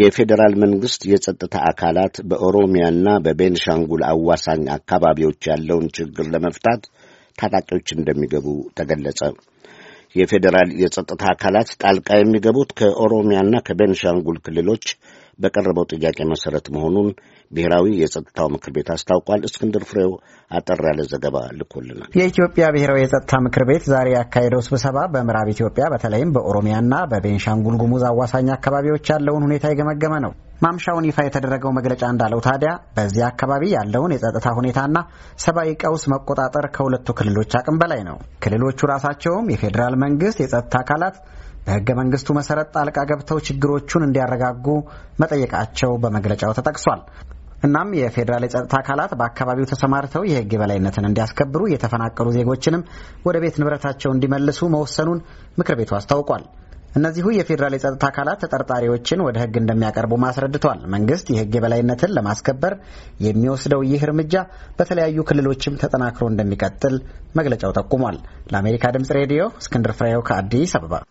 የፌዴራል መንግስት የጸጥታ አካላት በኦሮሚያና በቤንሻንጉል አዋሳኝ አካባቢዎች ያለውን ችግር ለመፍታት ታጣቂዎች እንደሚገቡ ተገለጸ። የፌዴራል የጸጥታ አካላት ጣልቃ የሚገቡት ከኦሮሚያና ከቤንሻንጉል ክልሎች በቀረበው ጥያቄ መሰረት መሆኑን ብሔራዊ የጸጥታው ምክር ቤት አስታውቋል። እስክንድር ፍሬው አጠር ያለ ዘገባ ልኮልናል። የኢትዮጵያ ብሔራዊ የጸጥታ ምክር ቤት ዛሬ ያካሄደው ስብሰባ በምዕራብ ኢትዮጵያ በተለይም በኦሮሚያና በቤንሻንጉል ጉሙዝ አዋሳኝ አካባቢዎች ያለውን ሁኔታ የገመገመ ነው። ማምሻውን ይፋ የተደረገው መግለጫ እንዳለው ታዲያ በዚያ አካባቢ ያለውን የጸጥታ ሁኔታና ሰብአዊ ቀውስ መቆጣጠር ከሁለቱ ክልሎች አቅም በላይ ነው። ክልሎቹ ራሳቸውም የፌዴራል መንግስት የጸጥታ አካላት በህገ መንግስቱ መሰረት ጣልቃ ገብተው ችግሮቹን እንዲያረጋጉ መጠየቃቸው በመግለጫው ተጠቅሷል። እናም የፌዴራል የጸጥታ አካላት በአካባቢው ተሰማርተው የህግ የበላይነትን እንዲያስከብሩ፣ የተፈናቀሉ ዜጎችንም ወደ ቤት ንብረታቸው እንዲመልሱ መወሰኑን ምክር ቤቱ አስታውቋል። እነዚሁ የፌዴራል የጸጥታ አካላት ተጠርጣሪዎችን ወደ ህግ እንደሚያቀርቡ ማስረድቷል። መንግስት የህግ የበላይነትን ለማስከበር የሚወስደው ይህ እርምጃ በተለያዩ ክልሎችም ተጠናክሮ እንደሚቀጥል መግለጫው ጠቁሟል። ለአሜሪካ ድምጽ ሬዲዮ እስክንድር ፍሬው ከአዲስ አበባ